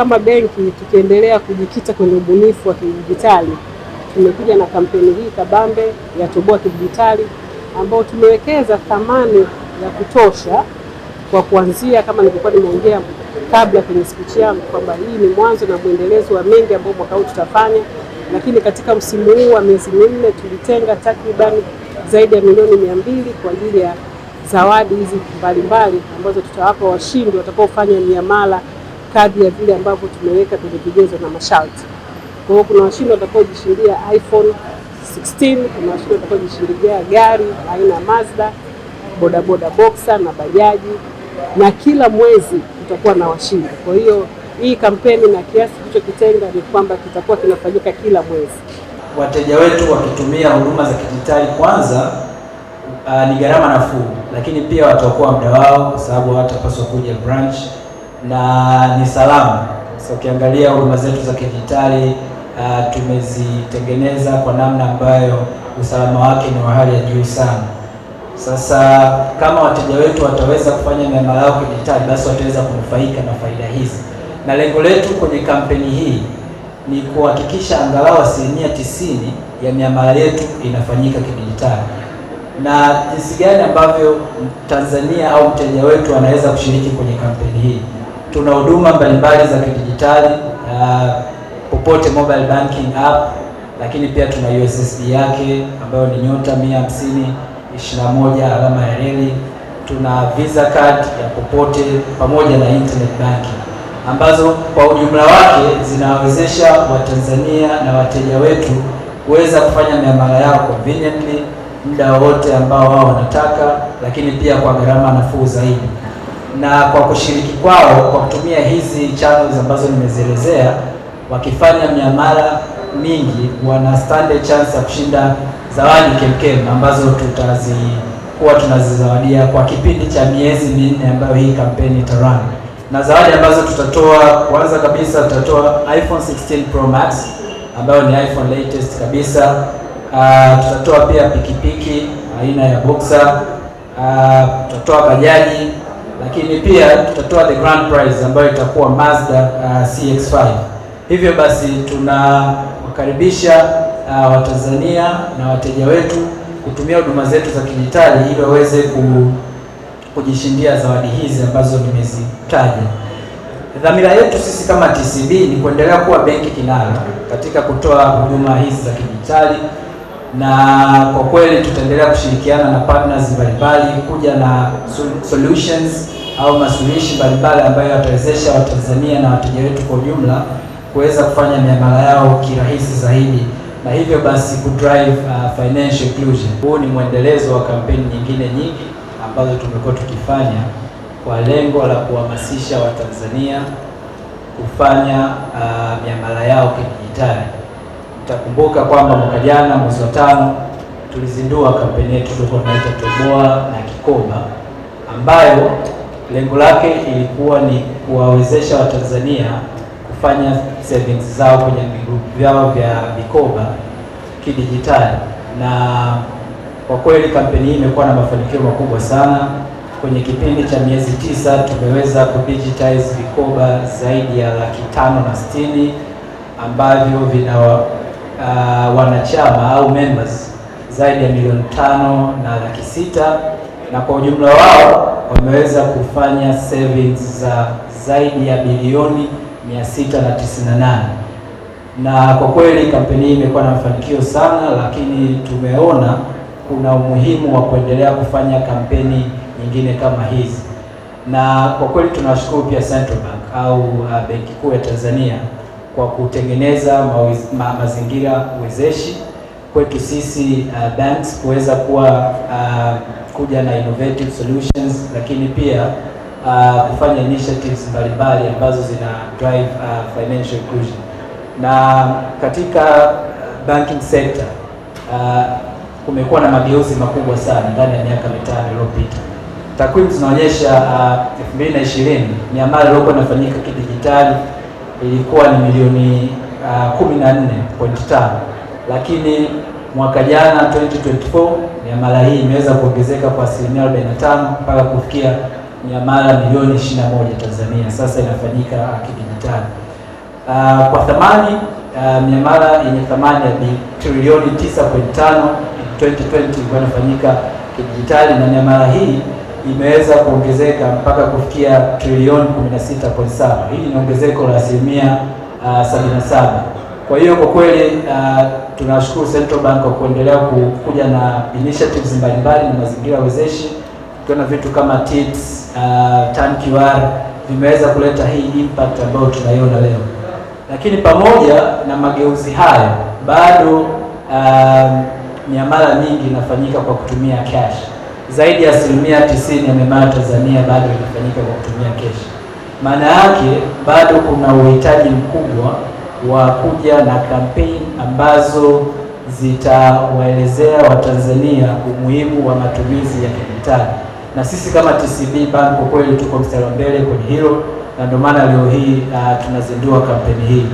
kama benki tukiendelea kujikita kwenye ubunifu wa kidijitali, tumekuja na kampeni hii kabambe ya Toboa Kidijitali, ambao tumewekeza thamani ya kutosha kwa kuanzia, kama nilivyokuwa nimeongea kabla kwenye spichi yangu kwamba hii ni mwanzo na mwendelezo wa mengi ambao mwaka huu tutafanya, lakini katika msimu huu wa miezi minne tulitenga takriban zaidi ya milioni mia mbili kwa ajili ya zawadi hizi mbalimbali ambazo tutawapa washindi watakaofanya miamala kadri ya vile ambavyo tumeweka kwenye vigezo na masharti. Kwa hiyo kuna washindi watakaojishindia iPhone 16, kuna washindi watakaojishindia gari aina ya Mazda, bodaboda boxer na bajaji, na kila mwezi tutakuwa na washindi. Kwa hiyo hii kampeni na kiasi kilichokitenga ni kwamba kitakuwa kinafanyika kila mwezi. Wateja wetu wakitumia huduma za kidijitali kwanza, uh, ni gharama nafuu, lakini pia wataokoa muda wao kwa sababu hawatapaswa kuja branch na ni salama. So ukiangalia huduma zetu za kidijitali uh, tumezitengeneza kwa namna ambayo usalama wake ni wa hali ya juu sana. Sasa kama wateja wetu wataweza kufanya miamala yao kidijitali, basi wataweza kunufaika na faida hizi, na lengo letu kwenye kampeni hii ni kuhakikisha angalau asilimia tisini ya miamala yetu inafanyika kidijitali. Na jinsi gani ambavyo Tanzania au mteja wetu anaweza kushiriki kwenye kampeni hii? Tuna huduma mbalimbali za kidijitali uh, popote mobile banking app, lakini pia tuna USSD yake ambayo ni nyota 21 alama ya reli. Tuna visa card ya popote pamoja na internet banking ambazo kwa ujumla wake zinawawezesha Watanzania na wateja wetu kuweza kufanya miamala yao conveniently muda wowote ambao wao wanataka, lakini pia kwa gharama nafuu zaidi na kwa kushiriki kwao kwa kutumia hizi channels ambazo nimezielezea, wakifanya miamala mingi wana standard chance ya kushinda zawadi kemkem ambazo tutazikuwa tunazizawadia kwa kipindi cha miezi minne ambayo hii kampeni itarun, na zawadi ambazo tutatoa, kwanza kabisa tutatoa iPhone 16 Pro Max ambayo ni iPhone latest kabisa. Uh, tutatoa pia pikipiki aina ya Boxer. Uh, tutatoa bajaji lakini pia tutatoa the grand prize ambayo itakuwa Mazda uh, CX-5. Hivyo basi tunawakaribisha uh, Watanzania na wateja wetu kutumia huduma zetu za kidijitali ili waweze kujishindia zawadi hizi ambazo nimezitaja. Dhamira yetu sisi kama TCB ni kuendelea kuwa benki kinara katika kutoa huduma hizi za kidijitali na kwa kweli tutaendelea kushirikiana na partners mbalimbali kuja na solutions au masuluhishi mbalimbali ambayo yatawezesha Watanzania na wateja wetu kwa ujumla kuweza kufanya miamala yao kirahisi zaidi na hivyo basi drive uh, financial inclusion. Huu ni mwendelezo wa kampeni nyingine nyingi ambazo tumekuwa tukifanya kwa lengo la kuhamasisha Watanzania kufanya uh, miamala yao kidijitali. Takumbuka kwamba mwaka jana mwezi wa tano tulizindua kampeni yetu tulikuwa tunaita Toboa na Kikoba, ambayo lengo lake ilikuwa ni kuwawezesha Watanzania kufanya savings zao kwenye vigrupu vyao vya mikoba kidijitali, na kwa kweli kampeni hii imekuwa na mafanikio makubwa sana. Kwenye kipindi cha miezi tisa tumeweza kudigitize vikoba zaidi ya laki tano na sitini ambavyo vina uh, wanachama au members zaidi ya milioni tano na laki sita na kwa ujumla wao wameweza kufanya savings za zaidi ya bilioni 698 na na kwa kweli kampeni hii imekuwa na mafanikio sana, lakini tumeona kuna umuhimu wa kuendelea kufanya kampeni nyingine kama hizi, na kwa kweli tunawashukuru pia Central Bank au uh, Benki Kuu ya Tanzania kwa kutengeneza ma, mazingira wezeshi kwetu sisi uh, banks kuweza kuwa uh, kuja na innovative solutions, lakini pia uh, kufanya initiatives mbalimbali ambazo zina drive uh, financial inclusion na katika banking sector uh, kumekuwa na mageuzi makubwa sana ndani ya miaka mitano iliyopita. Takwimu zinaonyesha 2020 uh, miamala iliyokuwa inafanyika kidijitali ilikuwa ni milioni uh, ah, 14.5 lakini mwaka jana 2024 miamala hii imeweza kuongezeka kwa asilimia 45 mpaka kufikia miamala milioni 21 Tanzania sasa inafanyika kidijitali. Uh, kwa thamani uh, miamala yenye thamani ya trilioni 9.5 2020 ilikuwa inafanyika kidijitali na miamala hii imeweza kuongezeka mpaka kufikia trilioni 16.7. Hili ni ongezeko la asilimia 77. Ah, kwa hiyo kwa kweli uh, tunashukuru Central Bank kwa kuendelea kuja na initiatives mbalimbali na mazingira wezeshi, tukiona vitu kama TIPS uh, ah, TAN QR vimeweza kuleta hii impact ambayo tunaiona leo. Lakini pamoja na mageuzi hayo bado uh, miamala mingi inafanyika kwa kutumia cash zaidi ya asilimia tisini ya Tanzania bado inafanyika kwa kutumia cash. Maana yake bado kuna uhitaji mkubwa wa kuja na kampeni ambazo zitawaelezea Watanzania umuhimu wa matumizi ya kidijitali, na sisi kama TCB Bank kwa kweli tuko mstari wa mbele kwenye hilo, na ndio maana leo hii uh, tunazindua kampeni hii.